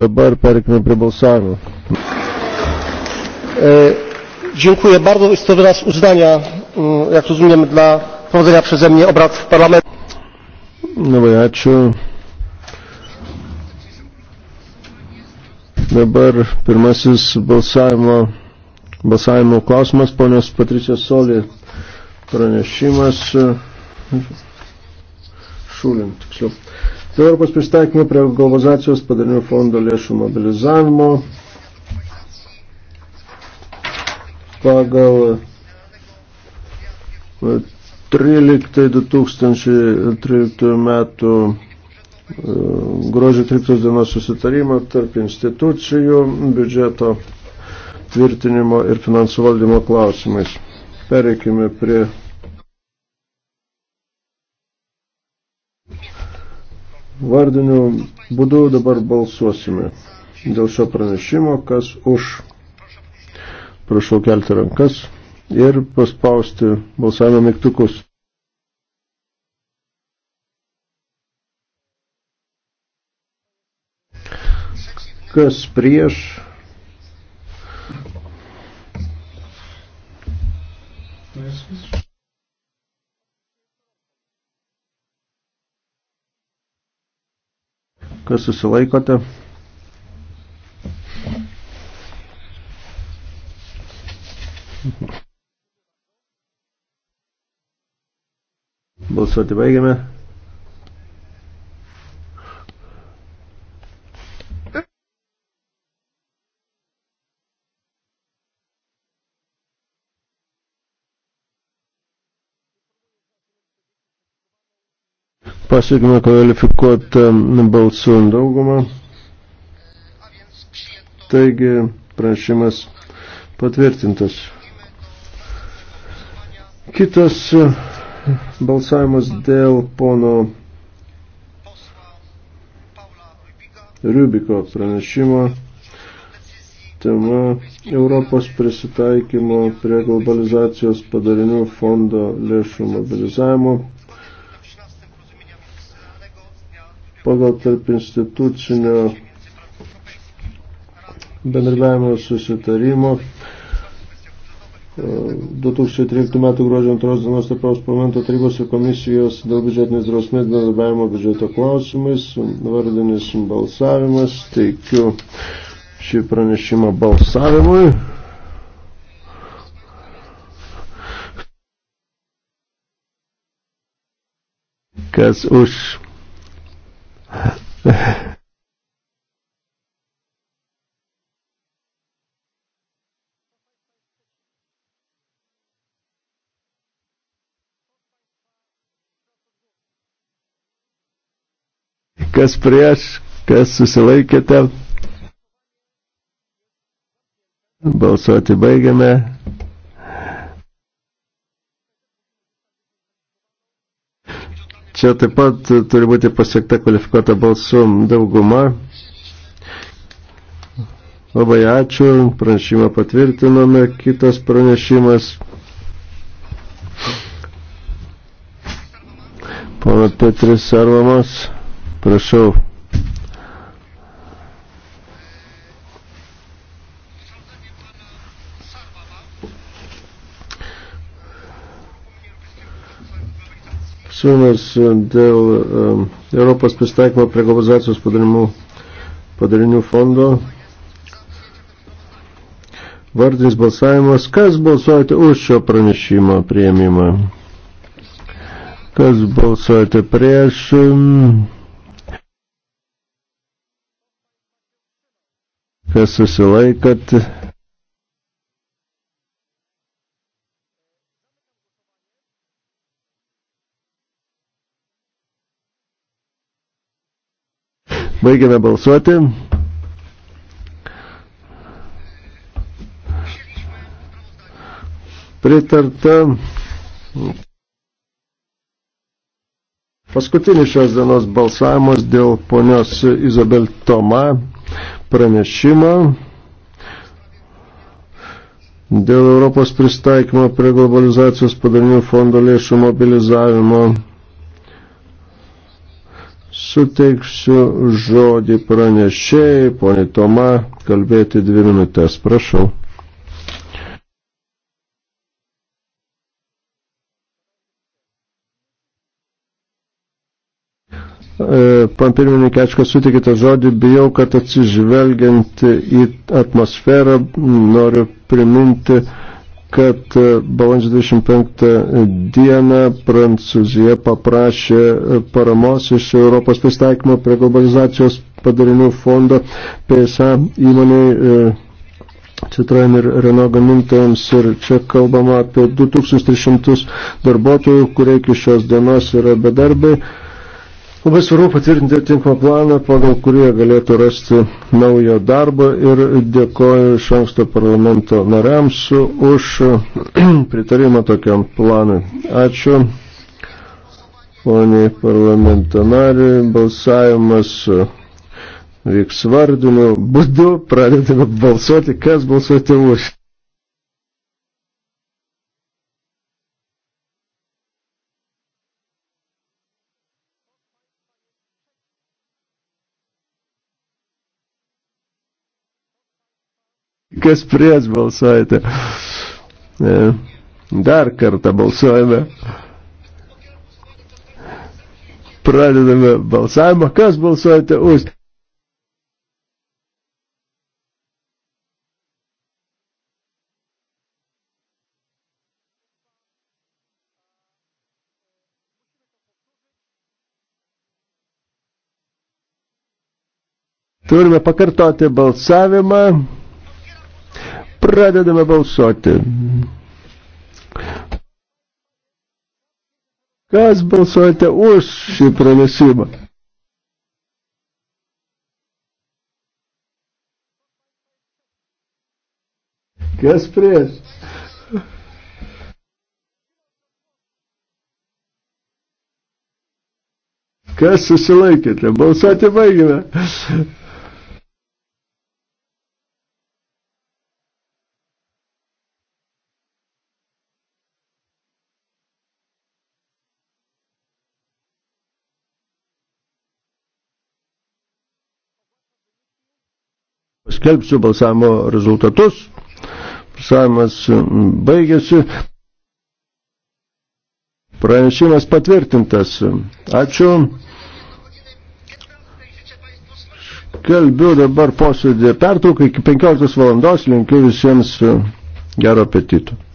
Dabar perkime prie balsavimo. E, dziękuję bardzo. Jest to wyraz uznania, mm, jak rozumiem, dla prowadzenia przeze mnie obrad w parlamencie. Labai ačiū. Dabar pirmasis balsavimo, balsavimo klausimas, ponios Patricijos Solė pranešimas. E, Šūlint, tiksliau. Dėl Europos pristaikymo prie globalizacijos padarinių fondo lėšų mobilizavimo pagal 13-2013 e, metų e, gruodžio 13 dienos susitarimą tarp institucijų biudžeto tvirtinimo ir finansų valdymo klausimais. Pereikime prie Vardiniu būdu dabar balsuosime dėl šio pranešimo, kas už. Prašau kelti rankas ir paspausti balsavimo mygtukus. Kas prieš? Yes, yes. kas susilaikote. Balsuoti baigiame. Pasiekime kvalifikuotą balsų daugumą. Taigi pranešimas patvirtintas. Kitas balsavimas dėl pono Rubiko pranešimo tema Europos prisitaikymo prie globalizacijos padarinių fondo lėšų mobilizavimo pagal tarp institucinio bendradarbiavimo susitarimo 2013 e, m. gruodžio 2 dienos Europos parlamento tarybos ir komisijos dėl biudžetinės drausmės bendradarbiavimo biudžeto klausimais, vardinis balsavimas, teikiu šį pranešimą balsavimui. Kas už kas prieš, kas susilaikėte. Balsuoti baigiame. Čia taip pat turi būti pasiekta kvalifikuota balsų dauguma. Labai ačiū, pranešimą patvirtinome, kitas pranešimas. Pana Petris Sarvamas. Prašau. Siūlymas e, dėl um, Europos pristaikymo prie globalizacijos padarinių, padarinių fondo. Vardinis balsavimas. Kas balsuojate už šio pranešimo prieimimą? Kas balsuojate prieš? Um, kas susilaikat. Baigiame balsuoti. Pritarta. Paskutinis šios dienos balsavimas dėl ponios Izabel Toma pranešimą dėl Europos pristaikymo prie globalizacijos padarinių fondo lėšų mobilizavimo. Suteiksiu žodį pranešėjai, ponė Toma, kalbėti dvi minutės, prašau. E, Pampirmininkė, ačiū, kad sutikite žodį, bijau, kad atsižvelgiant į atmosferą noriu priminti, kad e, balandžio 25 dieną Prancūzija paprašė paramos iš Europos pristaikymo prie globalizacijos padarinių fondo PSA įmoniai e, Citroen ir Renault gamintojams ir čia kalbama apie 2300 darbuotojų, kurie iki šios dienos yra bedarbiai Labai svarbu patvirtinti tinkamą planą, pagal kurį jie galėtų rasti naują darbą ir dėkoju iš anksto parlamento nariams už pritarimą tokiam planui. Ačiū. Poniai parlamento nariui, balsavimas vyks vardiniu būdu, pradedame balsuoti, kas balsuoti už. kas prieš balsuojate. E, dar kartą balsuojame. Pradedame balsavimą. Kas balsuojate už? Turime pakartoti balsavimą. Pradedame balsuoti. Kas balsuojate už šį pranešimą? Kas prieš? Kas susilaikėte? Balsuoti baigime. skelbsiu balsavimo rezultatus. Balsavimas baigėsi. Pranešimas patvirtintas. Ačiū. Kalbiu dabar posėdį pertrauką iki 15 valandos. Linkiu visiems gero apetito.